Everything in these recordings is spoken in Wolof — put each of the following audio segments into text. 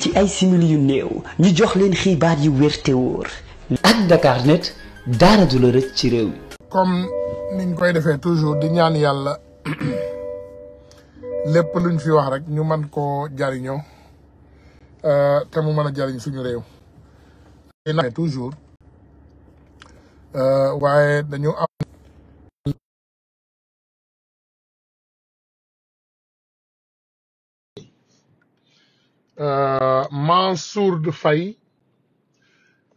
ci ay simili yu néew ñu jox leen xibaar yu wér te wóor. ak Dakarnet daara du la rëcc ci réew mi. comme niñ koy defee toujours di ñaan yàlla lépp luñ fi wax rek ñu man koo jariñoo euh, te mu mën a jariñ suñu réew. Euh, waaye dañu am. Euh, Mansour Faye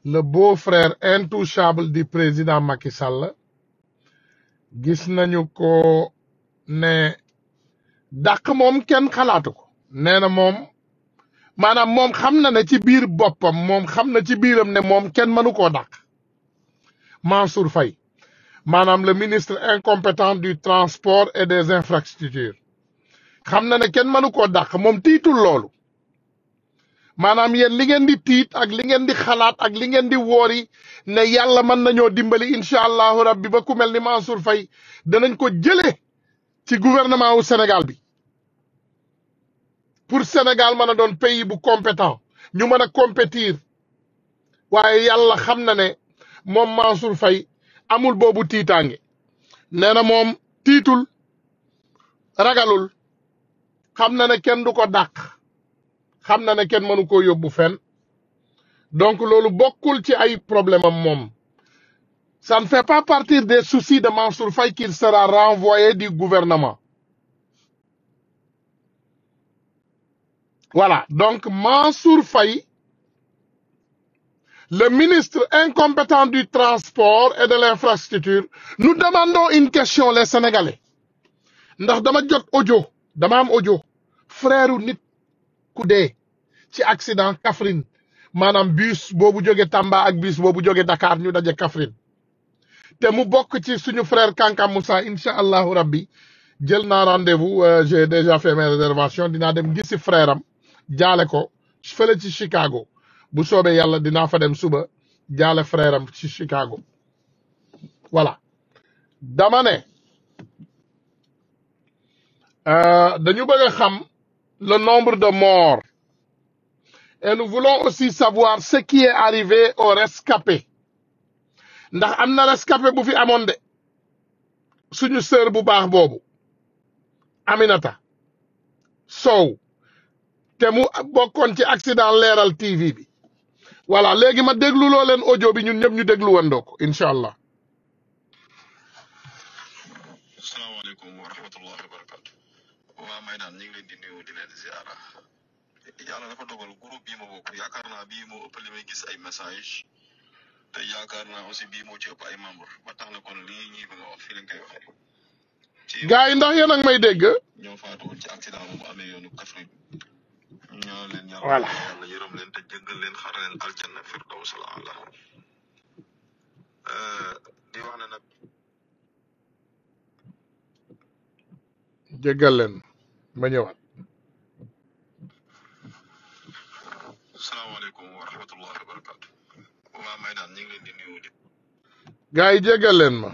le beau-frère intouchable du président Macky Sall gis nañu ko ne dàq moom kenn xalaatu ko nee na moom maanaam moom xam na ne ci biir boppam moom xam na ci biiram ne moom kenn mënu koo dàq Mansour Faye maanaam le ministre incompétent du transport et des infrastructures xam na ne kenn mënu koo dàq moom tiitul loolu maanaam yéen li ngeen di tiit ak li ngeen di xalaat ak li ngeen di woori ne yàlla mën nañoo dimbali incha allahu rabbi ba ku mel ni Mansour Faye danañ ko jëlee ci gouvernement wu Sénégal bi pour Sénégal mën a doon pays bu compétent ñu mën a compétir waaye yàlla xam na ne moom Mansour Faye amul boobu tiitaange nee na moom tiitul ragalul xam na ne kenn du ko dàq xam na ne kenn mënu koo yóbbu fenn donc loolu bokkul ci ay problème am moom ça ne pas partir des soucis de Mansour Faye qu'il sera renvoyé du gouvernement voilà donc Mansour Faye le ministre incompétent du transport et de l'infrastructure nous demandons une question les Sénégalais ndax dama jot ojo dama am audio nit ku dee ci accident Kaffrine maanaam bus boobu joge Tamba ak bus boobu jóge Dakar ñu daje Kaffrine te mu bokk ci suñu frère Kanka Moussa incha allahu rabbi jël na rendez-vous euh, j'ai déjà fait mes dinaa dem gis frère am jaale ko fële ci Chicago bu soobee yàlla dinaa fa dem suba jaale frère am ci Chicago voilà dama euh, dañu bëgg xam le nombre de morts. Et nous aussi savoir ce qui est arrivé aux rescapés. ndax am na rescapé bu fi amoon de suñu sœur bu baax boobu Aminata Sow te mu bokkoon ci accident leeral TV bi voilà léegi ma déglu loo leen audio bi ñun ñëpp ñu déglu wandoo ko incha allah. Touba Maydane ñu ngi leen di nuyu di leen ziara yàlla dafa dogal groupe bii ma bokk yaakaar naa bii may gis ay message te yaakaar naa aussi bii moo ci ëpp ay membre ba tax na kon lii ñuy bëgg a wax fii lañ koy yi ndax yéen may dégg. ñoo faatu ci accident bu amee yoonu Kaffrine. ñoo leen yàlla voilà leen te jëggal leen xar leen aljanna firdaws al aala euh, di wax ne nag. jëggal leen. ma ñëwaat. salaamaaleykum wa rahmatullahi wa barakaatu. waa Maydaan ñu ma.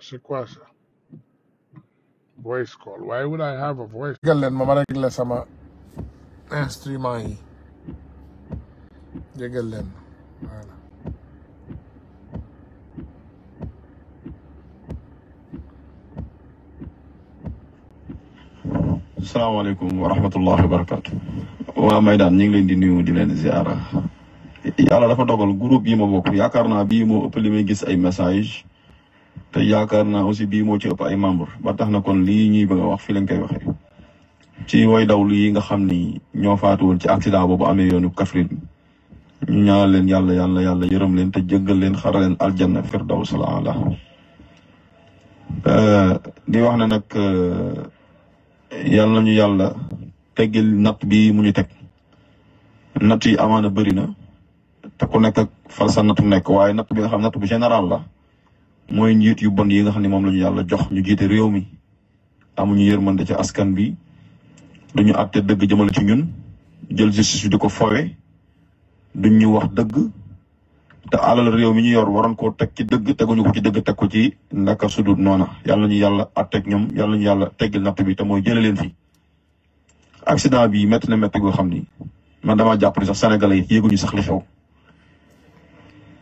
c'est quoi ça. voice call why would I have a voice. jéggal leen sama instrument yi. jéggal leen salaamaaleykum wa rahmatullahi wa barakaatu. waa Maydaan ñu ngi leen di nuyu di leen ziara. yàlla dafa dogal groupe yi ma bokk yaakaar naa bii moo ëpp li may gis ay message te yaakaar naa aussi bii moo ci ëpp ay membre ba tax na kon lii ñuy bëgg a wax fi lañ koy waxee. ci way dawlu yi nga xam ni ñoo faatu woon ci accident boobu amee yoonu Kaffrine ñu ñaanal leen yàlla yàlla yàlla yërëm leen te jëggal leen xaral leen aljanna firdaws ala di wax na yàlla nañu yàlla teggil natt bi mu ñu teg natt yi amaana bëri na te ku nekk ak fal sa natt nekk waaye natt bi nga xam natt bi général la mooy njiit yu bon yi nga xam ne moom lañu yàlla jox ñu jiite réew mi amuñu yërmande ci askan bi duñu àtte dëgg jëmale ci ñun jël justice bi di ko fowe duñ ñu wax dëgg te alal réew mi ñu yor waroon koo teg ci dëgg teguñu ko ci dëgg teg ko ci naka sudut noona yàlla ñu yàlla teg ñoom yàlla ñu yàlla teggil natt bi te mooy jële leen fi accident bi métti na métti goo xam ni man damaa jàpp ni sax sénégalais yi yéeguñu sax li xew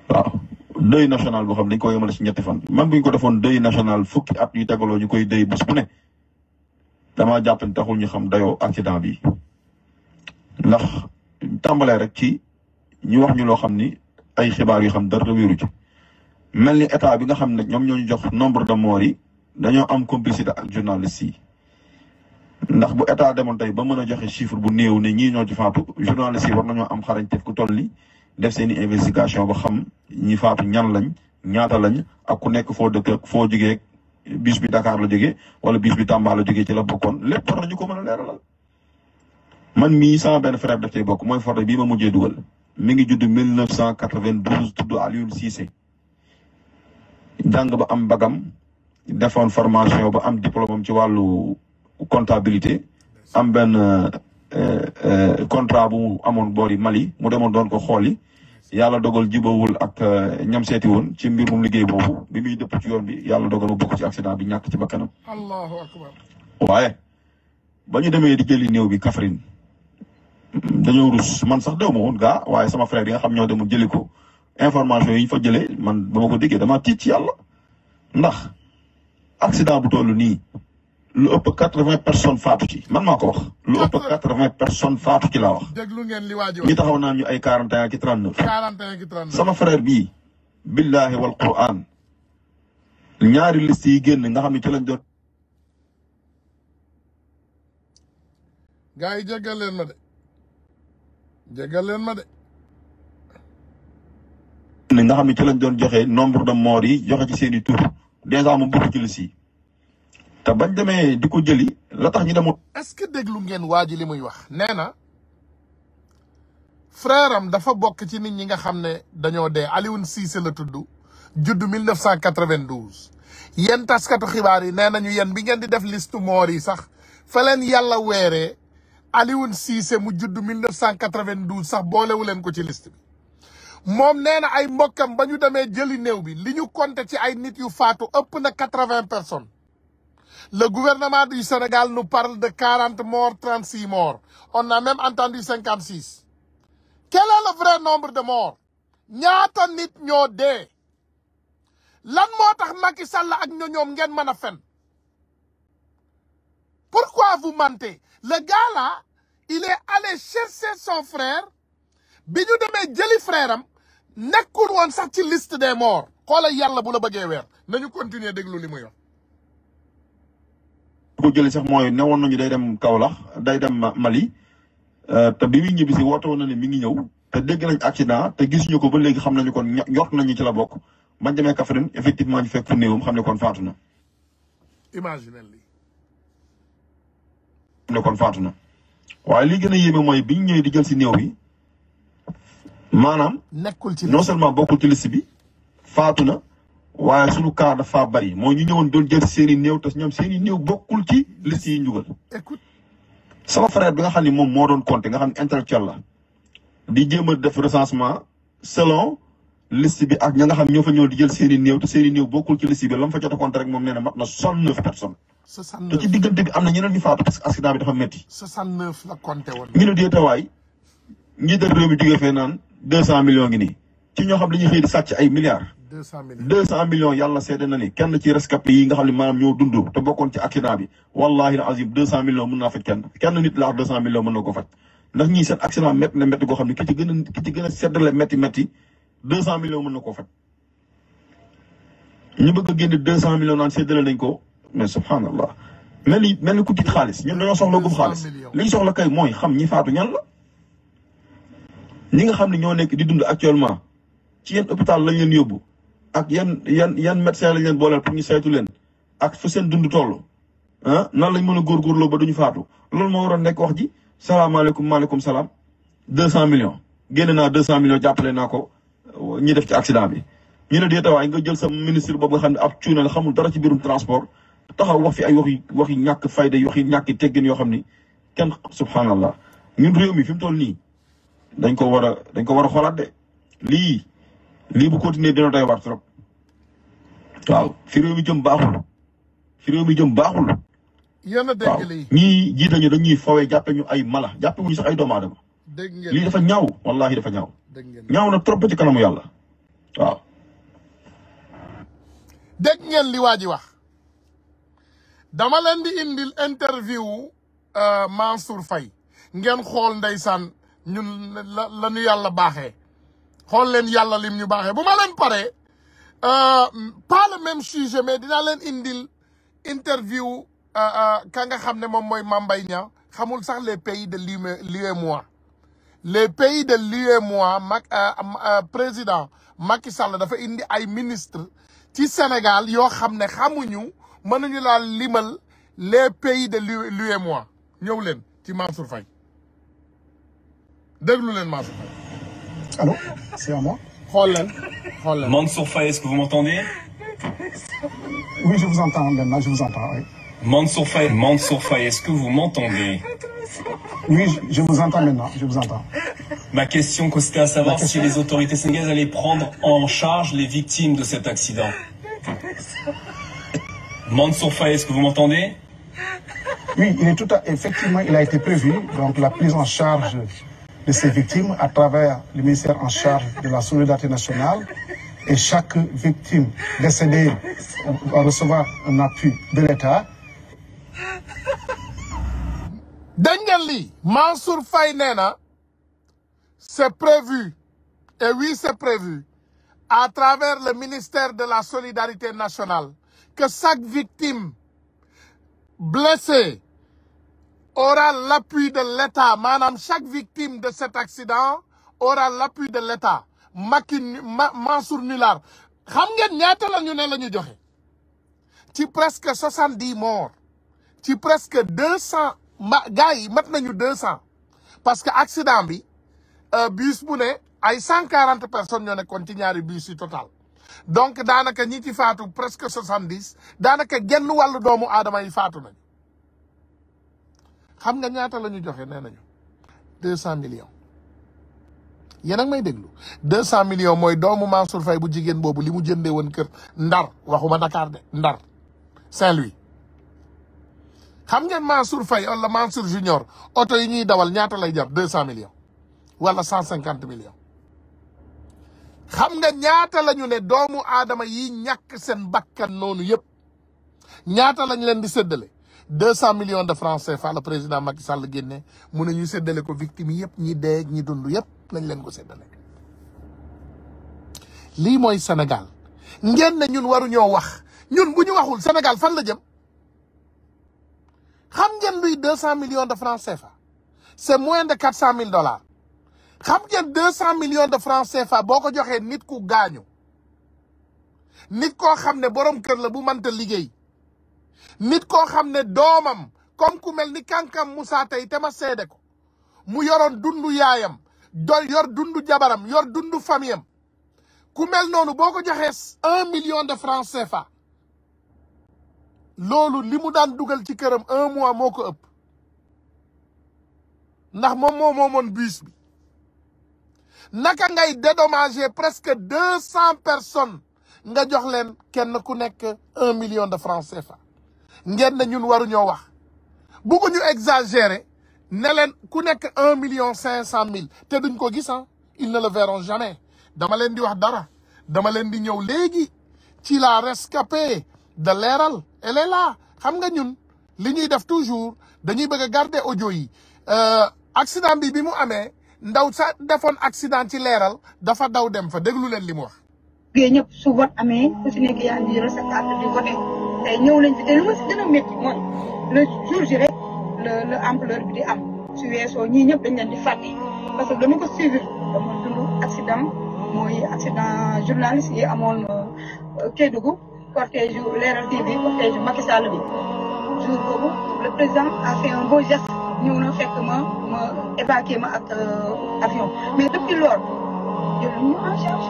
waaw national boo xam dañ ko yemale si ñetti fan même bi ñu ko defoon deuil national fukki at yu tegaloo ñu koy deuil bés bu ne damaa jàpp ni taxul ñu xam dayoo accident bi ndax tàmbalee rek ci ñu wax ñu loo xam ni ay xibaar yoo xam dara wéeru ci mel ni état bi nga xam ne ñoom ñoo ñu jox nombre de morts yi dañoo am complicité ak journaliste yi ndax bu état demoon tey ba mën a joxe chiffre bu néew ne ñi ñoo ci faatu journaliste yi war nañoo am xarañteef ku toll ni def seen i investigation ba xam ñi faatu ñan lañ ñaata lañ ak ku nekk foo dëkk foo jógee bis bi Dakar la jógee wala bis bi Tamba la jógee ci la bokkoon lépp war nañu ko mën a leeralal man mii sama benn frère daf bokk mooy forte bii ma mujjee dugal. mi ngi judd 1992 tudd Alioune Cissé jàng ba am mbagam defoon formation ba am diplôme am ci wàllu comptabilité am benn euh, euh, contrat bu mu amoon boori Mali mu demoon doon ko xooli yàlla dogal jubawul ak euh, ñam seeti woon ci mbirum liggéey boobu bi muy dëpp ci yoon bi yàlla dogal mu bokk ci accident bi ñàkk ci bakkanam. allahu akbar waaye ba ñu demee di jëli néew bi Kaffrine. dañoo rus man sax dew ma woon waaye sama frère yi nga xam ñoo demul jëli ko information yi ñu fa jëlee man ba ma ko déggee damaa tiit ci yàlla ndax accident bu toll nii lu ëpp quatre-vingts personnes faatu ci man maa ko wax lu ëpp quatre-vingts personnes faatu ci laa wax ñi taxaw naan ñu ay quarante et un ki trente-neuf sama frère bii billahi wal quran ñaari list yi génn nga xam ne ci lañ doon gaa yi jéggal de jégal leen ma de. ni nga xam ne ci lañ doon joxe nombre de morts yi joxe ci seen i tur dèjà mu bokk ci li si te bañ demee di ko jëli la tax ñu demoon. est-ce que déglu ngeen waa ji li muy wax nee na frère dafa bokk ci nit ñi nga xam ne dañoo dee Alioune Cissé la tudd judd 1992 yéen taskatu xibaar yi nee nañu yéen bi ngeen di def liste morts yi sax fa leen yàlla weeree. Alioune Cissé mu judd 1992 sax boolewu leen ko ci liste bi moom nee na ay mbokkam ba ñu demee jëli néew bi li ñu compté ci ay nit yu faatu ëpp na quatre-vingts personnes le gouvernement du Sénégal nous parle de quarante morts trente-six morts on a même entendu cinquante-six quel est vrai nombre de morts ñaata nit ñoo dee lan moo tax Macky Sall ak ñoñoom ngeen mën a fen pourquoi vous mentez le gars il est allé chercher son frère bi ñu demee jëli frère am nekkul woon sax ci liste des morts xoolal yàlla bu la bëggee weer nañu continuer déglu li muy wax. ko jëli sax mooy newoon nañu day dem Kaolack day dem Mali euh, te bi muy ñibbi si woote woon na ne mi ngi ñëw te dégg nañ accident te gisuñu ko ba léegi xam nañu kon ñort nañu ci la bokk bañ demee Kaffrine effectivement ñu fekk fu néewam xam ne kon faatu na. imaginez lii. xam ne kon faatu waaye li gën a yéeme mooy biñ ñëwee di jël si néew bi maanaam. nekkul ci non seulement bokkul ci liste bi faatu na waaye sunu kaar dafa bari moo ñu ñëwoon doon jël seen i néew te ñoom seen i néew bokkul ci liste yi njugal sama frère bi nga xam ne moom moo doon compté nga xam ne intellectuel la di jéem a def recensement selon. list bi ak ña nga xam ñoo fa ñëw di jël seen i néew te seen néew bokkul ci liste bi la mu fa jot a compte rek moom nee mat na soixante neuf personnes. déetawaay ñi réew mi jugee fee naan deux cent millions ngi nii ci ñoo xam dañuy xëy di sàcc ay milliards. deux cent millions yàlla seede na ni kenn ci rescapé yi nga xam ne maanaam ñoo dund te bokkoon ci accident bi wallahi azim deux cent millions mën naa faj kenn kenn nit laa deux cent millions mën na ko faj ndax deux cent millions mën na koo faj ñu bëgg a génn deux cent millions naan séddale nañ ko mais subhanallah mel ni mel ni ku tiit xaalis ñun dañoo soxla gub xaalis li ñu soxla kay mooy xam ñi faatu ñan la ñi nga xam ne ñoo nekk di dund actuellement ci yan hôpital lañ leen yóbbu ak yan yan yan médecin lañ leen booleel pour ñu saytu leen ak fu seen dund toll ah nan lañ mën a góorgóorloo ba ñu faatu loolu moo waroon nekk wax ji salaamaaleykum maaleykum salaam deux cent million génn naa deux cent millions jàppale naa ko ñi def ci accident bi ñu ne deetawaay nga jël sa ministre boobu nga xam ne ab cuune la xamul dara ci biirum transport taxaw wax fi ay wax yi wax yi ñàkk fayda wax ñàkk teggin yoo xam ni kenn subhanallah ñun réew mi fi mu toll nii dañ ko war a dañ ko war a xoolaat de lii lii bu continuer dina doy waar trop waaw fi réew mi jëm baaxul fi réew mi jëm baaxul waaw ñii jiite ñu dañuy fawee jàppe ñu ay mala jàppe wuñu sax ay doomu aadama lii dafa ñaaw wallahi dafa ñaw ñaaw na trop ci kanamu yàlla waaw. dégg ngeen li waa ji wax dama leen di indil interview euh, Mansour Faye ngeen xool ndeysaan ñun la la ñu yàlla baaxee xool leen yàlla lim ñu baaxee bu ma leen paree euh, pas le même sujet mais dinaa leen indil interview euh, ka nga xam ne moom mooy Mame Mbaye Niang xamul sax les pays de l'UEMOA les pays de l'UEMOA Mac euh, euh, président Macky Sall dafa indi ay ministre ci Sénégal yoo xam ne xamuñu mënuñu laa limal les pays de mois ñëw leen ci Mansour Faye déglu leen Mansour Faye. allô c'est à moi. xool leen xool leen. Mansour Faye est-ce que vous m'entendez? oui je vous entends maintenant je vous entends Mansour Faye, Mansour Faye, est-ce que vous m'entendez Ma question consistait à savoir si les autorités sénégalaises allaient prendre en charge les victimes de cet accident. effectivement, il a été prévu, donc la prise en charge de ces victimes à travers le ministère en charge de la solidarité nationale et chaque victime décédée va recevoir un appui de l'État dañ li lii Mansour Faye nee na c'est prévu et oui c'est prévu à travers le ministère de la solidarité nationale que chaque victime blessée aura l'appui de l'État maanaam chaque victime de cet accident aura l'appui de l'État Macky Mansour Nular xam ngeen ñaata la ñu ne la ñu ci presque soixante-dix morts ci presque deux cent ma gars yi mat nañu deux cent parce que accident bi euh, bus bu ne ay cent quarante personnes ñoo nekkoon ci ñaari bus yi total donc daanaka ñi ci faatu presque soixante dix daanaka genn wàllu doomu aadama yi faatu nañ xam nga ñaata la ñu joxe nee nañu deux cent millions yéen ak may déglu deux cent millions mooy doomu Mansour Faye bu jigéen boobu li mu jëndee woon kër Ndar waxuma Dakar de Ndar Saint-Louis xam ngeen Mansour Faye wala Mansour Junior oto yi ñuy dawal ñaata lay jar deux cent millions wala cent cinquante millions xam nga ñaata lañu ne doomu aadama yi ñàkk seen bakkan noonu yëpp ñaata lañu leen di séddale deux cent millions de francs CFA le président Macky Sall génne mu ne ñu séddale ko victime yi yëpp ñi dee ñi dund yëpp lañ leen ko seddale lii mooy Sénégal ngeen ne ñun waru waruñoo wax ñun bu ñu waxul Sénégal fan la jëm xam ngeen luy deux cent millions de francs CFA c'est moins de quatre cent mille dollars xam deux cent millions de francs CFA boo ko joxee nit ku gaañu nit koo xam ne borom kër la bu mënta liggéey nit koo xam ne doomam comme ku mel ni kankam Moussa tey te ma seede ko mu yoroon dundu yaayam doy yor dundu jabaram yor dundu famiyam ku mel noonu boo ko joxee un million de francs CFA loolu li mu daan dugal ci këram un mois moo ko ëpp ndax moom moo moomoon bus bi naka ngay dédommager presque deux cent personnes nga jox leen kenn ku nekk un million de francs CFA ngeen ne ñun waruñoo wax ñu exagérer ne leen ku nekk un million cinq cent mille te duñ ko gis ils ne le veron jamais dama leen di wax dara dama leen di ñëw léegi ci la rescapée da leeral elle xam nga ñun li ñuy def toujours dañuy bëgg a garder audio yi euh, accident bi bi mu amee ndaw sa defoon accident ci leeral dafa daw dem fa déglu leen li mu wax. yooyu ñëpp si nekk yaa ñëw nañ fi mooy le jour ji rek la la bi di am su weesoo ñii ñëpp dañ di fàtte parce que dama ko suivre dama mooy accident journaliste yi amoon euh, Kédougou. cortège yu Leral TV cortège le président a fait un beau geste ñëw fekk ma ma ma ak euh, mais depuis lors jël ñu en charge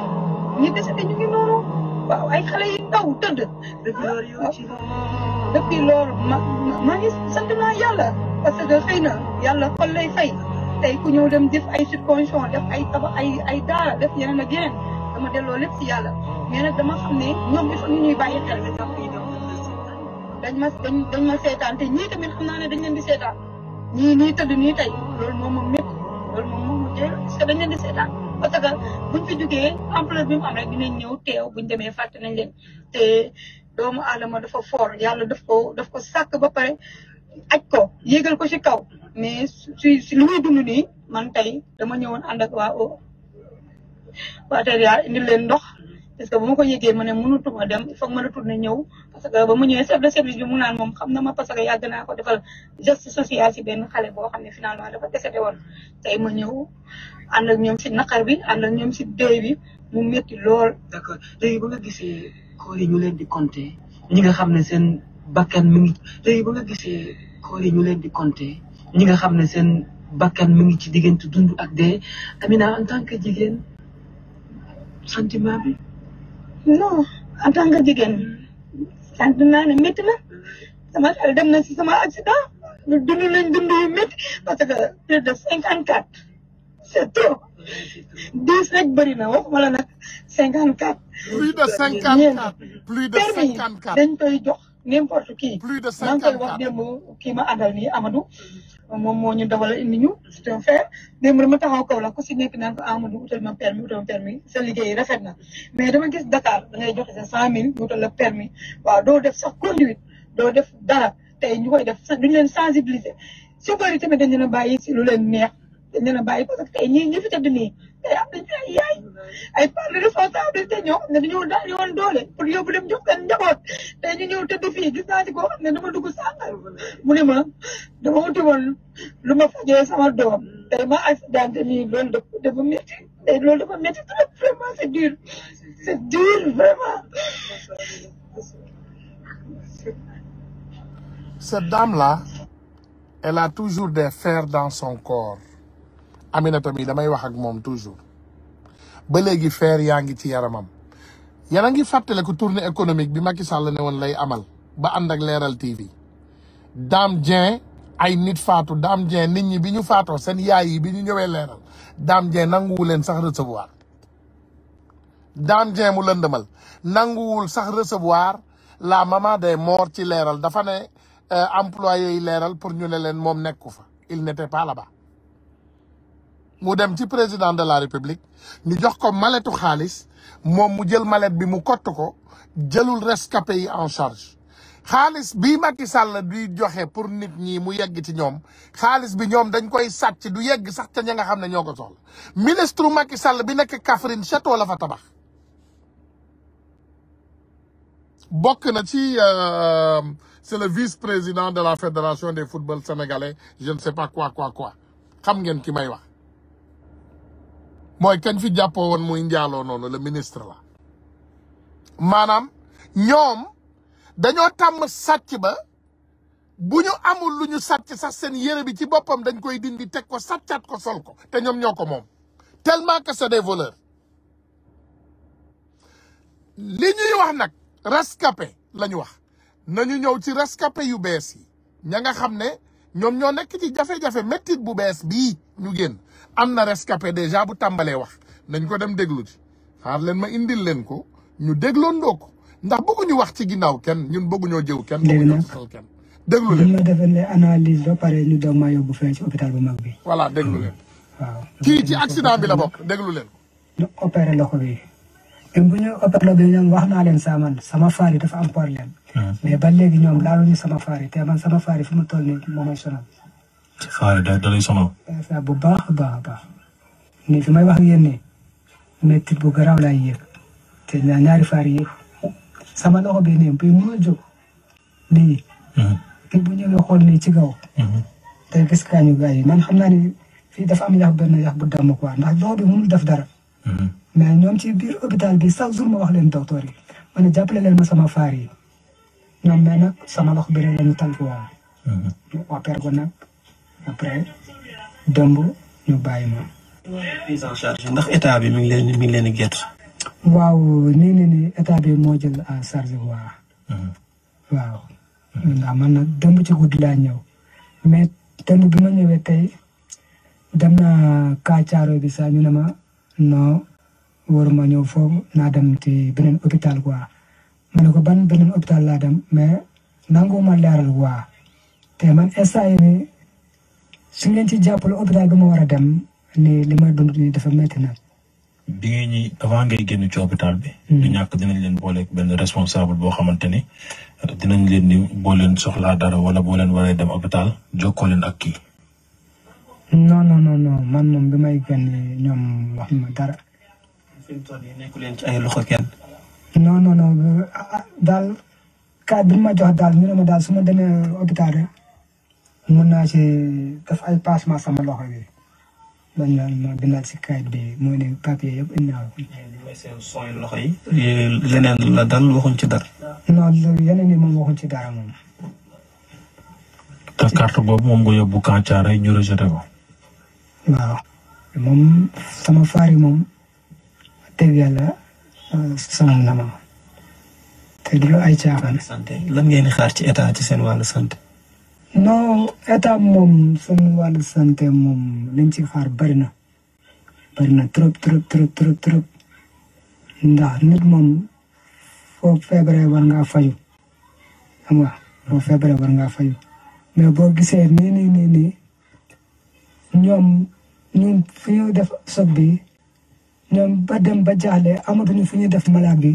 ñi décédé ñu ngi noonu waaw ay xale taw tëdd depuis loolu ma maa ngi sant naa yàlla parce que xëy na yàlla xol lay fay tey ku ñëw dem def ay subvention def ay tabax ay ay daara def yeneen ak yeneen dama delloo lépp si yàlla mais nag dama xam ne ñoom il faut ñu ñuy bàyyi xel dañ ma dañ dañ ma seetaan te ñii tamit naa ne dañ leen di seetaan ñii nii tëdd nii tey loolu moom moom métti loolu moom moom mu jël parce que dañ buñ fi jógee ampleur bi mu am rek dinañ ñëw teew buñ demee fàtte nañ leen te doomu aadama dafa foor yàlla daf ko daf ko sàkk ba pare aj ko yéegal ko ci kaw mais si si lu muy dund man tey dama ñëwoon ànd ak waa waa TVA indil leen ndox parce que bu ma ko yëgee ma ne mënutuma dem il faut ne la tourner ñëw parce ba mu ñëwee chef de service mu naan xam na ma que yàgg naa ko defal geste social si benn xale boo xam ne finalement dafa desete woon tey ma ñëw ànd ak ñoom si naqar bi ànd ak ñoom si dëy bi mu métti lool. d'accord léegi ba nga gisee koor yi ñu leen di compter ñi nga xam ne seen bakkan mu ngi léegi ba nga gisee yi ñu leen di compter ñi nga xam ne seen bakkan mi ngi ci diggante dund ak dee Amina en tant que jigéen. sentiment bi. non en tant que jigéen sant naa ne métti la sama xel dem na si sama accident ñu dund nañ dund parce que plus de cinquante quatre c'est trop dix rek bëri na wax wala nag cinquante quatre. plus de cinquante quatre plus de cinquante quatre dañ koy jox n'importe qui. plus de cinquante quatre koy wax démb kii ma àndal nii Amadou. moom moo ñu dogal indi ñu c'est un fait démb dama taxaw kaw la ku si nekk naan ko Amadou ah, utal ma permis utal ma permis sa liggéey rafet na mais dama gis Dakar da ngay joxe sa cent mille ñu utal la permis waaw doo def sax conduite doo def dara tey ñu koy def sax duñu leen sensibiliser chauffeur yi tamit dañu na bàyyi si lu leen neex dina bàyyi parce que tey ñii ñi fi tëdd nii tey am nañu ay yaay ay part de responsabilité ñoo xam ne dañoo daal yoon doole pour yóbbu dem jox seen njaboot tey ñu ñëw tëdd fii gis naa ci koo xam ne dama dugg sànqal mu ne ma dama wuti woon lu ma fajee sama doom tey ma accidenté nii loolu dafa dafa métti tey loolu dafa métti trop vraiment c'est dur c'est dur vraiment. Cette dame-là, elle a toujours des fers dans son corps. Aminata mi damay wax ak moom toujours ba léegi feer yaa ngi ci yaramam yéen a ngi fàttale ko tournée économique bi Macky Sall ne woon lay amal ba ànd ak Leeral TV Dame Dieng ay nit faatu dam Dieng nit ñi bi ñu faatoo seen yaay yi bi ñu ñëwee Leeral Dame Dieng nanguwu leen sax recevoir Dame Dieng mu lëndëmal nanguwul sax recevoir la maman des morts ci Leeral dafa ne euh, employé yi Leeral pour ñu ne leen moom nekku fa il n'était pas là mu dem ci président de la république ñu jox ko maletu xaalis moom mu jël malet bi mu kott ko jëlul rescapé yi en charge xaalis bi Macky Sall di joxe pour nit ñi mu yegg ci ñoom xaalis bi ñoom dañ koy sàcc du yegg sax ca ña nga xam ne ñoo ko soxla ministre Macky sàll bi nekk Kaffrine château la fa tabax bokk na ci euh, c'est le vice-président de la fédération des football sénégalais je ne sais pas quoi quoi quoi xam ngeen ki may wax mooy kañ fi jàppoo woon muy njaaloo noonu le ministre la maanaam ñoom dañoo tàmm sàcc ba bu ñu amul lu ñu sàcc sax seen yére bi ci boppam dañ koy dindi teg ko sàccaat ko sol ko te ñoom ñoo ko moom tellement que c'est des voleurs li ñuy wax nag rescapé la ñu wax nañu ñëw ci rescapé yu bees yi ña nga xam ne ñoom ñoo nekk ci jafe-jafe méttit bu bees bii ñu génn am na rescapé déjà bu tàmbalee wax nañ ko dem déglu ci xaar leen ma indil leen ko ñu dégloondoo ko ndax ñu wax ci ginnaaw kenn ñun bëgguñoo jëw kenn bëgguñoo xal kenn déglu leen ñu defal analyse ba pare ñu doog maa yóbbu fee ci hôpital bu mag bi voilà déglu leen waaw kii ci accident bi la bokk déglu leen ñu opéré loxo bi même bu ñu opéré loxo bi ñoom wax naa leen saa man sama faar yi dafa am problème hmm. mais ba léegi ñoom laaluñu sama faar te man sama faar yi mu toll nii moom mooy sonal ci xaar da bu baax a baax a baax ni fi may wax ak yéen nii métti bu garaaw laay yëg te ñaar ñaari faar yëg loxo bi nii bi mu jóg lii. Mhm. te bu ñëwee xool nii ci kaw. Mhm. te gis kaañu gars yi man xam naa ni fii dafa am yax benn yax bu damm quoi ndax loxo bi mënul def dara. Mhm. mais ñoom ci biir hôpital bi chaque jour ma wax leen docteur yi ma ne jàppale leen ma sama faari yi ñoom nag sama loxo bi rek la ñu tànkuwaay. opère ko nag. après dëmb ñu bàyyi ma. prise en charge ndax état bi mi waaw nii nii nii moo jël en charge waa. Mhm. waaw. ndax man nag dëmb ci guddi laa ñëw mais dëmb bi ma ñëwee tey dem naa kàccaaro bi sax ñu ne ma non waruma ñëw foofu naa dem ci beneen hôpital quoi ma ne ko ban beneen hôpital laa dem mais nangu ma leeral waa te man instant yii su ngeen ci jàppale hôpital bi ma war a dem ni li ma dund nii dafa métti bi ngeen ñi avant ngay génn ci hôpital bi. Hmm. du ñàkk dinañ leen booleeg benn responsable boo xamante ni dinañ leen ni boo soxlaa dara wala boo leen waree dem hôpital jokkoo leen ak kii. non non non man moom bi may génn ñoom wax ma dara. fi mu leen ci ay loxo kenn. non non non ah, ah, daal bi ma jox daal ñu ne ma daal su ma demee hôpital rek. mën naa ci def ay passement sama loxo bi man ma ma bindal kayit bi mooy ne papier yëpp indi naa ko. loxo yi. leneen la dal waxuñ ci dara. non yeneen yi moom waxuñ ci dara moom. te carte boobu moom nga yóbbu Kàncaar ñu rejeté ko. waaw moom sama faari moom te yàlla euh, sama nama te du la ay caaxaan. sant lan ngeen di xaar ci état ci seen wàll santé. non état moom suñu wàllu santé moom liñ ci xaar bari na bari na trop trop trop trop trop ndax nit moom foo feebaree war ngaa fayu xam nga foo feebaree war ngaa fayu mais boo gisee nii ni nii nii ñoom ñun fi ñu def soog bi ñoom ba dem ba jaaxle amatuñu fu ñuy def malade bi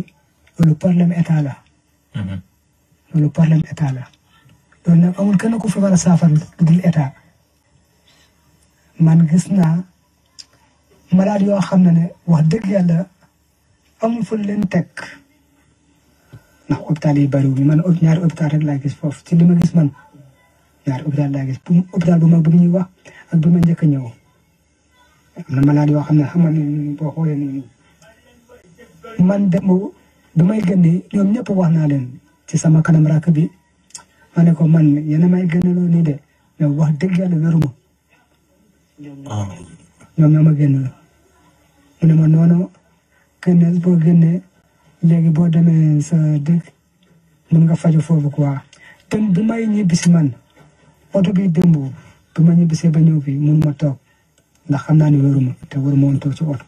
loolu problème état la. Mhm. loolu loolu nag amul kenn ku fi war a saafara lu man gis naa malaad yoo xam ne ne wax dëgg yàlla amul fu leen teg ndax hôpital yi bariwul man ñaari hôpital rek laa gis foofu ci li ma gis man ñaari hôpital laa gis bu hôpital bu mag ñuy wax ak njëkk a ñëw am na malade yoo xam ne xam nga ni boo xoolee nii man dem bi may génne ñoom ñëpp wax naa leen ci sama kanam rakk bi. ma ko man yéen a may gënaloo nii de mais wax dëgg yàlla wéruma ah. ñoom ñoo ma gënaloo mu ne ma noonu gënal boo gënee léegi boo demee sa dëkk mën nga faju foofu quoi dem bi may ñibbisi man oto bi démb bi ma ñibbisee ba ñëw bi mun ma toog ndax xam naa ne wéruma te wéruma woon toog ci oto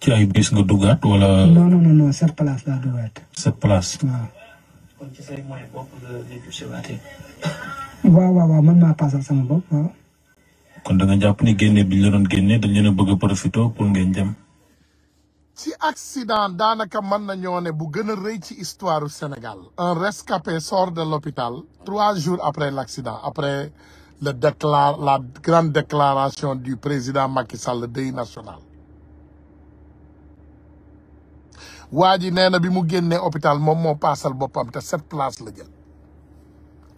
ci ay bis nga duggaat wala. non non non sept laa duggaat. sept kon ci say paasal sama bopp kon da nga ni génne bi ñu la génne dañ leen a bëgg a profité pour ngeen dem. ci accident daanaka mën nañoo ne bu gëna a rëy ci histoire du Sénégal. un rescapé sort de l'hôpital trois jours après l'accident après le déclare la grande déclaration du président Macky Sall le national. waa ji nee na bi mu génnee hôpital moom moo paasal boppam te sept place la jël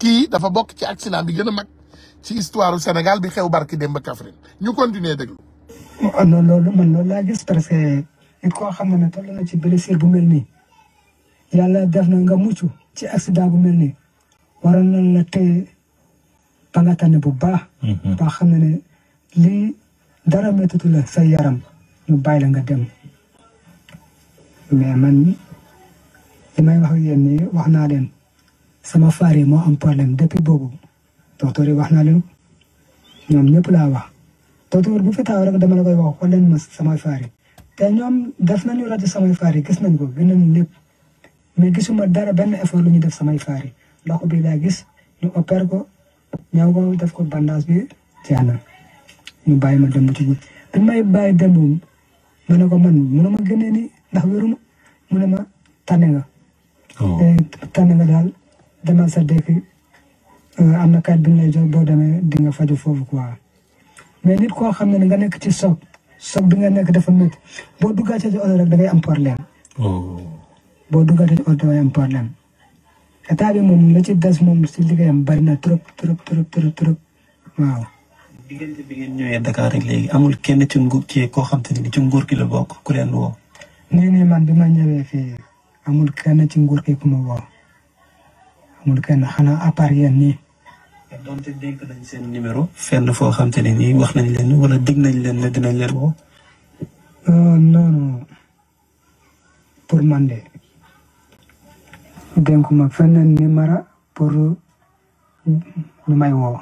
kii dafa bokk ci accident bi gën a mag ci histoire du Sénégal bi xew barki démb Kaffrine ñu continuer déglu. loolu loolu man loolu laa gis parce koo xam ne toll na ci blessure bu mel nii yàlla def na nga mucc ci accident bu mel nii waroon nañ la téye ba nga tane bu baax. Mhm. ba xam ne lii dara méttitu la sa yaram ñu bàyyi la nga dem. mais man li may wax yéen ni wax naa leen sama faar yi moo am problème depuis boobu docteur yi wax naa leen ñoom ñëpp laa wax docteur bu fi taw rek dama la koy wax xool ma samay faar yi te ñoom def nañu rajo samay faar yi gis nañ ko gis nañu lépp mais gisuma dara benn effort lu ñu def samay faar yi ndox gis ñu opère ko ñaw ko def ko bandage bi jeex na ñu bàyyi ma dem ci guddi bi may bàyyi dem moom ko man mënuma génnee nii ndax wéruma mu ne ma tànne nga. tànne nga daal demal sa dëkk am na kayit bi ñu lay jox boo demee di nga faju foofu quoi. mais nit koo xam ne nga nekk ci soog soog bi nga nekk dafa métti boo duggaatee ci oto rek da ngay am problème. boo duggaatee ci oto da ngay am problème. état bi moom la ci des moom si liggéeyam bari na trop trop trop trop trop waaw. diggante bi ngeen ñëwee Dakar rek léegi amul kenn ci nguur ci koo xam te ni ci nguur gi la bokk ku leen woo. nee ne man bi ma ñëwee fii amul kenn ci nguur gi ma woo amul kenn xanaa à nii. donte dénk nañ seen numéro fenn foo xam te ne nii wax nañ leen wala dig nañ leen ne dinañ woo. Euh, non non pour man de dénkuma fenn numéro pour ñu may woo.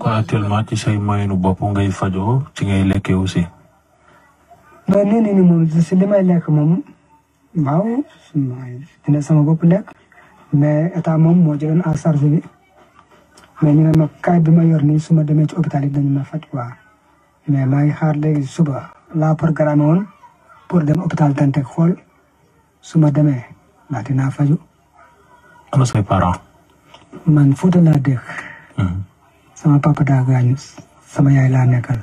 kon actuellement ci say moyenu bopp ngay fajoo ci ngay lekkee aussi. loolu léeg-léeg ni moom si li may lekk moom waaw dina sama bopp lekk mais état moom moo jëloon en charge bi mais ñu ne ma kaay bi ma yor nii su ma demee ci hôpital dañu ma faj quoi mais maa ngi xaar léegi suba laa programme woon pour dem hôpital Dantec xool su ma demee ndax dinaa faju. ana say parents. man Fouta laa dëkk. Mhm. sama papa daa gaañu sama yaay laa nekkal.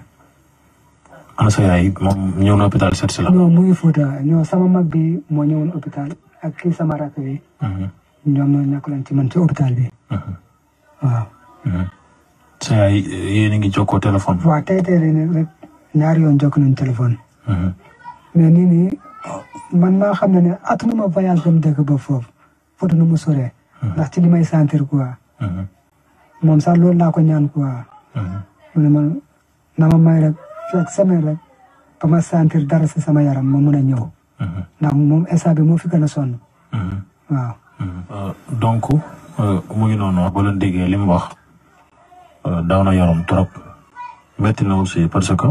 ana sa yaay moom seet si la. non mu ñoo sama mag bi moo ñëwoon hôpital ak kii sama rakk bi. Mhm. ñoom ñoo ñàkk leen ci man ci hôpital bi. Mhm. waaw. Mhm. sa yaay yéen a ngi jokkoo téléphone. waaw tey tey rek ñaari yoon jokk nañ téléphone. mais ni nii man maa xam ne ne atuma ma voyage dem dëkk ba foofu foofu nu mu soree. ndax ci li may sentir moom sax loolu laa ko ñaan quoi. na ma may fekk semaine rek ba ma sama yaram ma mun a ñëw. Mhm. moom instant moo fi gën mhm. euh, donc euh, mu ngi noonu ba déggee li mu wax euh, daaw na yaram trop métti na aussi parce que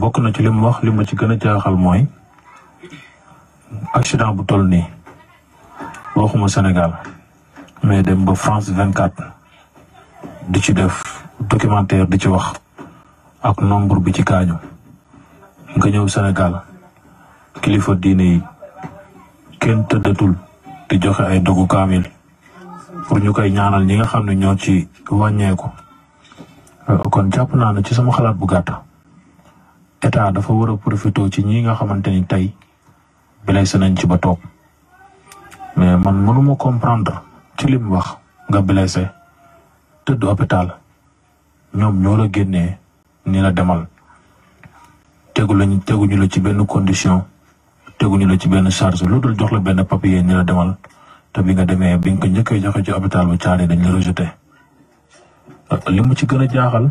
bokk na ci li mu wax li ma ci gën a jaaxal mooy accident bu toll nii waxuma Sénégal mais dem ba France 24 di ci def documentaire di ci wax. ak nombre bi ci kaañu nga ñëw Sénégal kilifa diine yi kenn tëddatul di joxe ay dogu kaamil pour ñu koy ñaanal ñi nga xam ne ñoo ci wàññeeku. Euh, kon jàpp naa ne ci sama xalaat bu gàtt état dafa war a ci ñi nga xamante ni tey blessé nañ ci ba toog mais man mënuma comprendre ci lim wax nga blessé tëdd hôpital ñoom ñoo la génnee. ni la demal tegu lañu teguñu la ci benn condition teguñu la ci benn charge lu dul jox la benn papier ni la demal te bi nga demee bi nga ko njëkkee joxe ci hôpital bu caaree dañ la rejeté li mu ci gën a jaaxal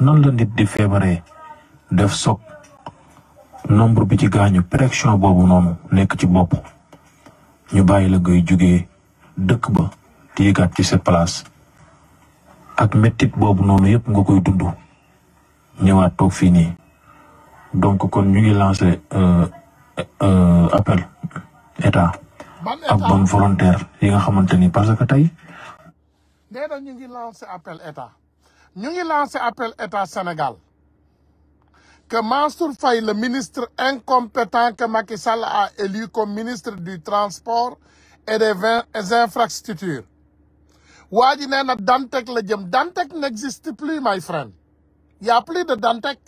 nan la nit di feebaree def soog nombre bi ci gaañu pression boobu noonu nekk ci bopp ñu bàyyi la ngay jugee dëkk ba te ci sa place ak mettit boobu noonu yëpp nga koy dund. ñëwaat toog fii nii donc kon ñu ngi lancé euh, euh, appel état ak bonne volontaire yi nga xamante ni parce que tey. nee na ñu ngi lancé appel état ñu ngi lancé appel état Sénégal que Mansour fay le ministre incompétent que Macky Sall a élu comme ministre du transport et des vingt infrastructures waa ji nee na Dantec la jëm Dantec n'existe plus my friend y a plus de Dantec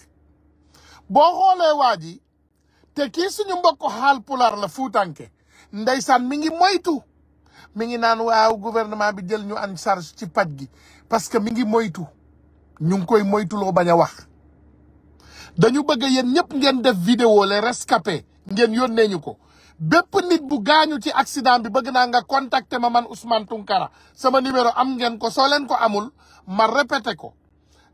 boo xoolee waa ji te kii suñu mbokk xaal pulaar la fuutanke ndeysaan mi ngi moytu mi ngi naan waaw gouvernement bi jël ñu en charge ci paj gi parce que mi ngi moytu ñu ngi koy moytuloo bañ a wax dañu bëgg yéen ñëpp ngeen def vidéo les rescapés ngeen yónnee ñu ko bépp nit bu gaañu ci accident bi bëgg naa nga contacter ma man Ousmane Tounkara sama numéro am ngeen ko soo leen ko amul ma répété ko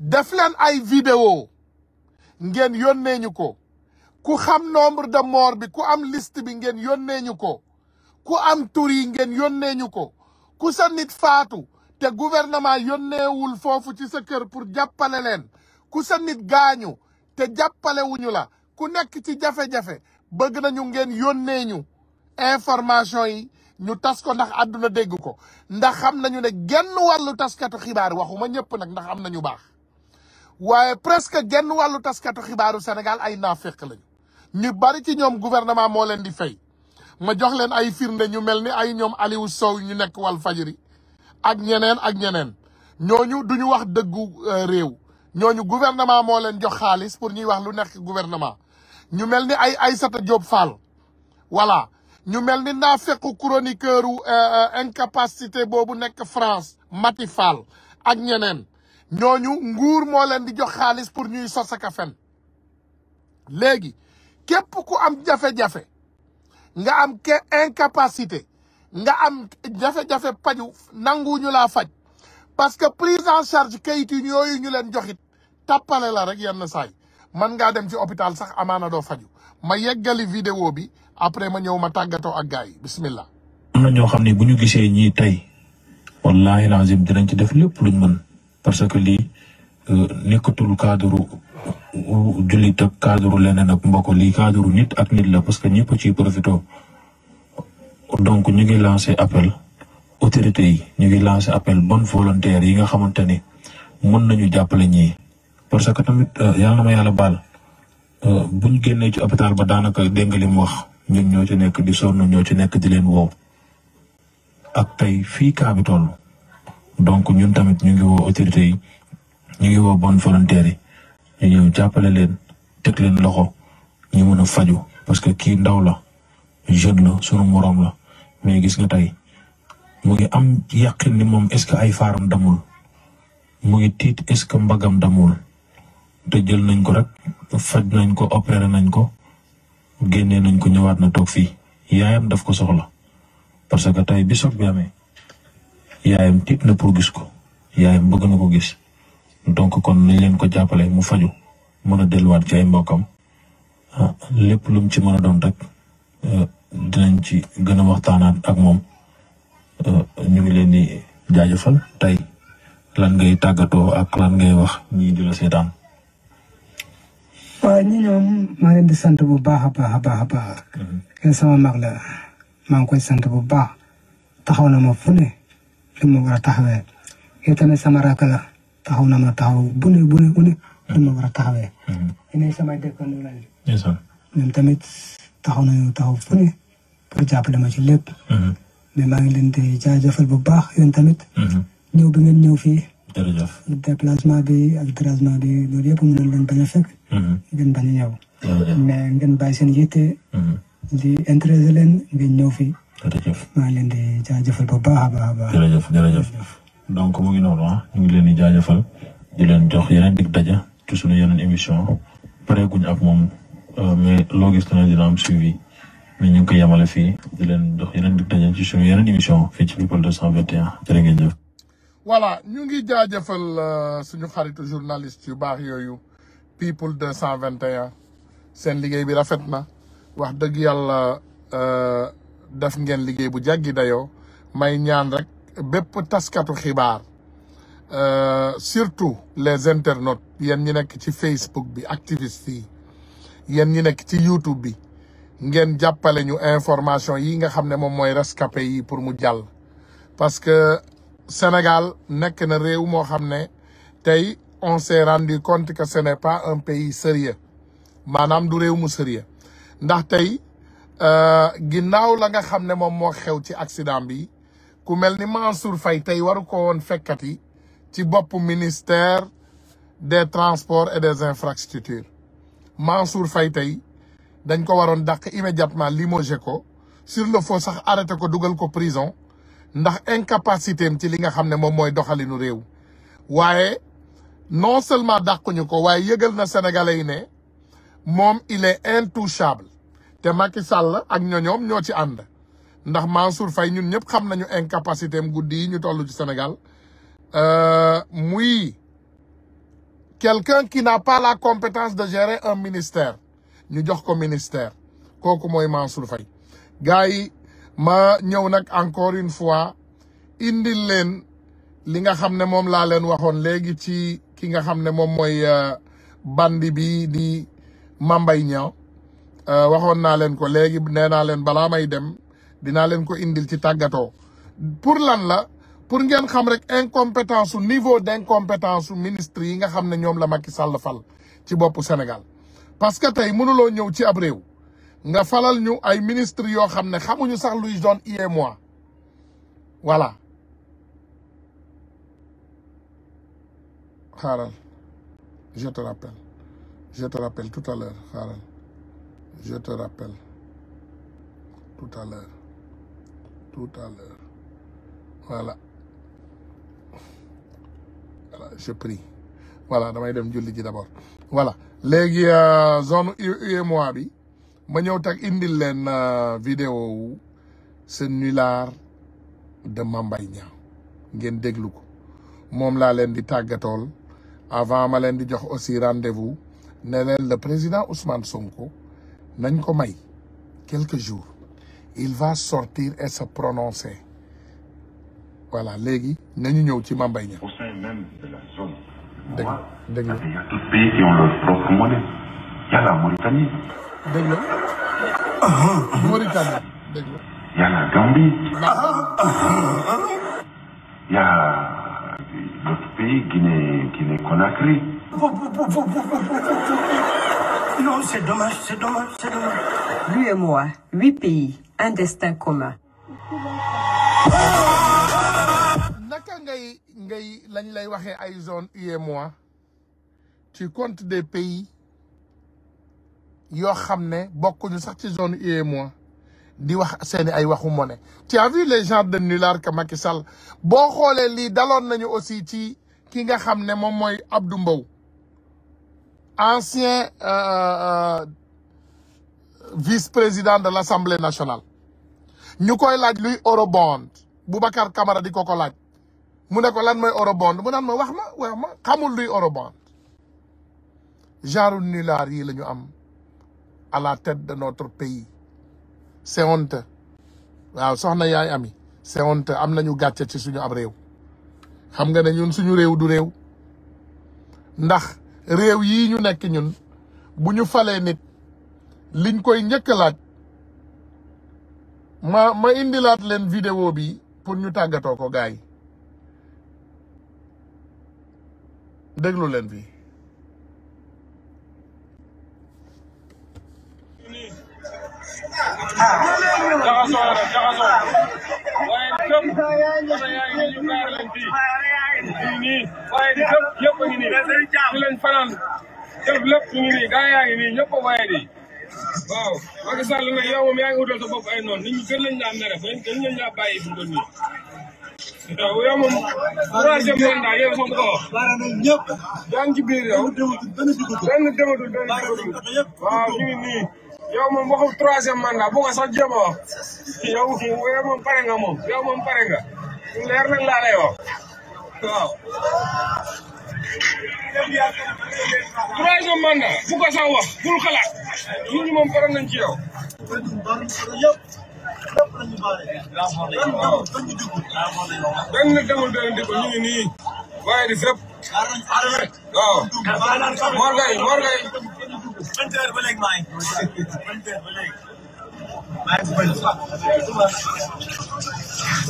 def leen ay vidéo ngeen yónnee ñu ko ku xam nombre de morts bi ku am liste bi ngeen yónnee ñu ko ku am tur yi ngeen yónnee ñu ko ku sa nit faatu te gouvernement yónneewul foofu ci sa kër pour jàppale leen ku sa nit gaañu te jàppale la ku nekk ci jafe-jafe bëgg nañu ngeen yónnee ñu information yi ñu tas ko ndax àdduna dégg ko ndax xam nañu ne genn wàllu taskatu xibaar ma ñëpp nag ndax am nañu baax waaye presque genn wàllu taskatu xibaaru Sénégal ay naaféq lañu ñu bari ci ñoom gouvernement moo leen di fay ma jox leen ay firnde ñu mel ni ay ñoom Aliou Sow ñu nekk wal fajiri ak ñeneen ak ñeneen ñooñu ñu wax dëggu euh, réew ñooñu gouvernement moo leen jox xaalis pour ñuy wax lu nekk gouvernement ñu mel ni ay Aïssata Diop Fall voilà ñu mel ni naa fekku chroniqueur u euh, euh, incapacité boobu nekk France Mati Fall ak ñeneen ñooñu nguur moo leen di jox xaalis pour ñuy sos ak fen léegi képp ku am jafe-jafe nga am ke incapacité nga am jafe-jafe paju nanguwuñu laa faj parce que prise en charge kayit yi yooyu ñu leen joxit tappale la rek yenn saay man ngaa dem ci hôpital sax amaana doo faju ma yeggali vidéo bi après ma ñëw ma tàggatoo ak gars yi bismillah am na ñoo xam ne bu ñu gisee ñii tey wallaahi lazim dinañ ci def lépp luñ mën parce que lii euh, nekkatul cadre jullit ak cadre leneen ak mbokk lii cadre nit ak nit la parce que ñëpp ci profité donc ñu ngi lancé appel autorité yi ñu ngi lancé appel bonne volontaire yi nga xamante ni mën nañu jàppale ñii parce que tamit euh, yàlla ma yàlla baal euh, buñ génnee ci hôpital ba daanaka dégg li mu wax ñun ñoo ci nekk di sonn ñoo ci nekk di leen woow ak tey fii kaa bi donc ñun tamit ñu ngi woo autorités yi ñu ngi woo bonne volontaire yi ñu ñëw jàppale leen teg leen loxo ñu mën a faju parce que kii ndaw la jeune la sunu moroom la mais gis nga tey mu ngi am yàqin ni moom est-ce que ay faaram damul mu ngi tiit est-ce que mbagam damul te jël nañ ko rek faj nañ ko opéré nañ ko génnee nañ ko ñëwaat na toog fii yaayam daf ko soxla parce que tey bi soog bi amee yaayam tiit na pour gis ko yaayam bëgg na ko gis donc kon nañ leen ko jàppale mu faju mën a delluwaat ci ay mbokkam ah, lépp lum ci mën a doon rek euh, dinañ ci gën a waxtaanaat ak moom euh, ñu ngi leen di jaajëfal tey lan ngay tàggatoo ak lan ngay wax ñii di la seetaan. waaw ñi ñoom maa leen di sant bu baax a baax a baax a baax. kenn mm-hmm. sama mag la maa ngi koy sant bu baax taxaw na ma fu ne li ma war a taxawee yow tamit sama rakk la taxaw na ma taxaw bu ne bu ne bu ne li ma war a taxawee. yéen sama dëkkandoo lañ. ñoom tamit taxaw nañu taxaw fu ne pour jàppale ma ci lépp. mais maa ngi leen di jaajëfal bu baax yéen tamit. ñëw bi ngeen ñëw fii. jërëjëf déplacement bi ak dérangement bi loolu yëpp mënoon leen bañ a fekk. Mm-hmm. ngeen bañ a ñëw. mais ngeen bàyyi seen yitte. Mm-hmm. di intéressé leen ngeen ñëw fii. jërëjëf maa ngi leen di jaajëfal bu jërëjëf jërëjëf donc mu ngi noonu ah ñu ngi leen di jaajëfal di leen jox yeneen dig daja ci suñu yeneen émission pareeguñ ak moom euh, mais loo gis dana dina am suivi ñu ngi koy yemale fii leen jox yeneen dig daja ci suñu yeneen émission fii ci People 221 jërë ngeen jëf. voilà ñu ngi jaajëfal euh, suñu xaritu journaliste yu baax yooyu People 221 seen liggéey bi rafet na wax dëgg yàlla. Euh, def ngeen liggéey bu jàggi dayoo may ñaan rek bépp taskatu xibaar euh, surtout les internautes yéen ñi nekk ci Facebook bi activiste yi yéen ñi nekk ci YouTube bi ngeen jàppale ñu information yi nga xam ne moom mooy rescapé yi pour mu jàll parce que Sénégal nekk na réew moo xam ne tey on s'est rendu compte que ce n'est pas un pays sérieux maanaam du réew mu sérieux ndax tey Euh, ginnaaw la nga xam ne moom moo xew ci accident bi ku mel ni Mansour fay tey waru ko woon fekkati ci bopp ministère des transports et des infrastructures Mansour fay tey dañ ko waroon dàq immédiatement limogé ko sur le faux sax arrêté ko dugal ko prison ndax incapacité am ci li nga xam ne moom mooy doxalinu réew waaye non seulement dàquñu ko waaye yëgal na sénégalais yi ne moom il est intouchable te Macky Sall ak ñoñoom ñoo ci ànd ndax Mansour Faye ñun ñëpp xam nañu incapacité am guddi yi ñu toll ci Sénégal euh, muy quelqu'un qui n'a pas la compétence de gérer un ministère ñu jox ko ministère kooku mooy Mansour Faye gars yi ma ñëw nag encore une fois indi leen li nga xam ne moom laa leen waxoon léegi ci ki nga xam ne moom mooy euh, bandi bi di Mambay Niang Euh, waxoon naa leen ko léegi nee naa leen balaa may dem dinaa leen ko indil ci tàggatoo pour lan la pour ngeen xam rek incompétence su niveau d' incompétence su ministre yi nga xam ne ñoom la Macky Sall fal ci boppu Sénégal parce que tey mënuloo ñëw ci ab réew nga falal ñu ay ministre yoo xam ne xamuñu sax luy zone mois voilà xaaral je te rappelle je te rappelle tout à l'heure je te rappelle tout à l'heure tout à l'heure voilà je prie voilà damay dem julli ji d'abord voilà léegi euh, zone UEMOA bi ma ñëw tak indil leen euh, vidéo wu ce nulard de Mame Mbaye ngeen déglu ko moom laa leen di tàggatool avant ma leen di jox aussi rendez-vous ne leen le président Ousmane Sonko nañ ko may quelques jours il va sortir et se prononcer voilà léegi nañu ñëw ci Mame Mbaye Niang. au sein même de la zone. dégg dégg parce qu'il y a d'autres pays qui ont leur propre monnaie. Il y a la Mauritanie. dégg nga. Mauritanie dégg nga. Il y a la Gambie. Il y a l'autre pays Guinée Guinée Conakry. Non, ah, non, c'est dommage, c'est naka ngay ngay lañ lay waxee ay zone UEMOA ci comptes des pays yoo xam ne bokkuñu sax ci zone UEMOA di wax seeni ay waxu mone ci as vu les gens de nulard que Macky boo xoolee lii daloon nañu aussi ci ki nga xam ne moom mooy Abdou Mbow ancien euh, euh, vice-président de l'Assemblée nationale ñu koy laaj luy eurobond Boubacar Camara di ko ko laaj mu ne ko lan mooy eurobond mu naan ma wax ma wax ma kamul luy eurobond genre nulaar yi la ñu am à la tête de notre pays c'est honte waaw soxna yaay ami c'est honte am nañu gàcce ci suñu am réew xam nga ne ñun suñu réew du réew ndax réew yii ñu nekk ñun bu ñu falee nit liñ koy njëkk laaj ma ma indilaat leen vidéo bi pour ñu tàggatoo ko gaay déglu leen bi ñu ngi nii waaye di lépp a ngi nii ci lañ fanaan def ñu ngi ñëpp a waaye di waaw Macky Sall nag yow moom yaa ngi wutal sa bopp ay noonu nit ñi a wax nga moom yow moom nga leer nag laa lay wax waaw. troisième mandat bu ko sax wax bul xalaat ñun ñu moom faral nañ ci yow. benn demul benn dëkk ñu ngi nii waaye di fépp. waaw. Mor Gueye Mor Gueye.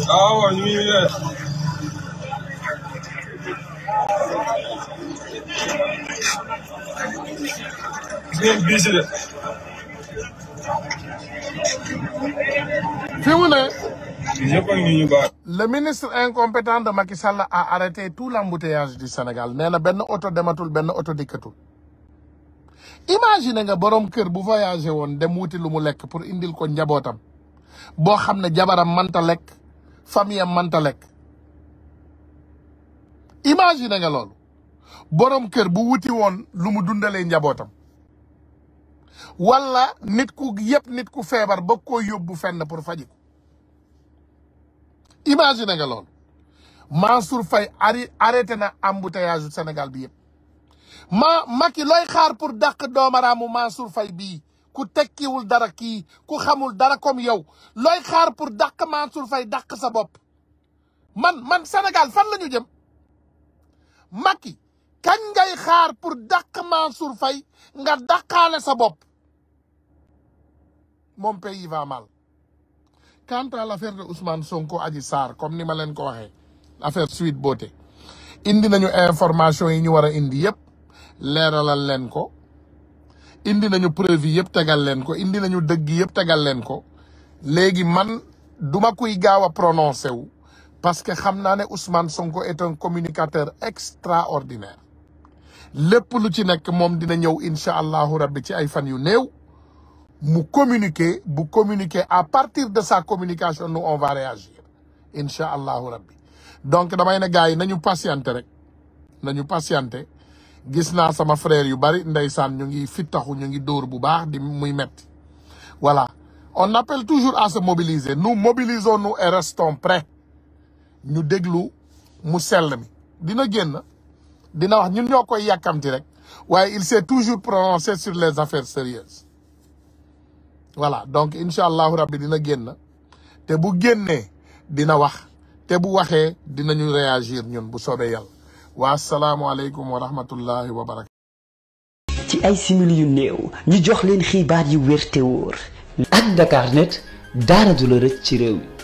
waaw ñu ngi gis ngeen fi mu le ministre incompétent de Macky Sall a arrêté tout l'embouteillage du Sénégal nee na benn oto dematul benn oto dikkatul. imagine nga borom kër bu voyagé woon dem wuti lu mu lekk pour indil ko njabootam boo xam ne jabaram mënta lekk famille am mënta lekk. imagine nga loolu borom kër bu wuti woon lu mu dundale njabootam wala nit ku yëpp nit ku feebar ba koo yóbbu fenn pour faji ko imagine nga loolu Mansour fay ari arrêté na embouteillage senegal bi yëpp ma Macky looy xaar pour dàq doomaraamu Mansour Faye bii ku tekkiwul dara kii ku xamul dara comme yow looy xaar pour dàq Mansour Faye dàq sa bopp man man senegal fan la ñu jëm Macky kañ ngay xaar pour dàq Mansour Faye nga dàqaale sa bopp mon pays va mal quant à l'affaire de Ousmane Sonko Adji Sarr comme ni ma leen ko waxee affaire Sweet Beauté indi nañu information yi ñu war a indi yëpp leeralal leen ko indi nañu preuve yëpp tegal leen ko indi nañu dëgg yëpp tegal leen ko léegi man duma kuy gaaw a prononcé wu parce que xam naa ne Ousmane Sonko est un communicateur extraordinaire lépp lu ci nekk moom dina ñëw incha allahu rabbi ci ay fan yu néew mu communiquer bu communiquer à partir de sa communication nous on va réagir incha allahu rabbi donc damay ne gars yi nañu patienter rek nañu patienter gis naa sama frère yu bari ndeysaan ñu ngi fittaxu ñu ngi dóor bu baax di muy metti voilà on appelle toujours à se mobiliser nous mobilisons nous et restons prêts ñu déglu mu sell mi dina génn dina wax ñun ñoo koy yàkkamti rek waaye il s'est toujours prononcé sur les affaires sérieuses voilà donc incha allah rabbi dina génn te bu génnee dina wax te bu waxee dinañu réagir ñun bu soobee yàlla wa asalaamualeykum wa rahmatullahi wa barakatu ci ay simili yu ñu jox leen xibaar yu wér te wóor ak Dakarnet ci réew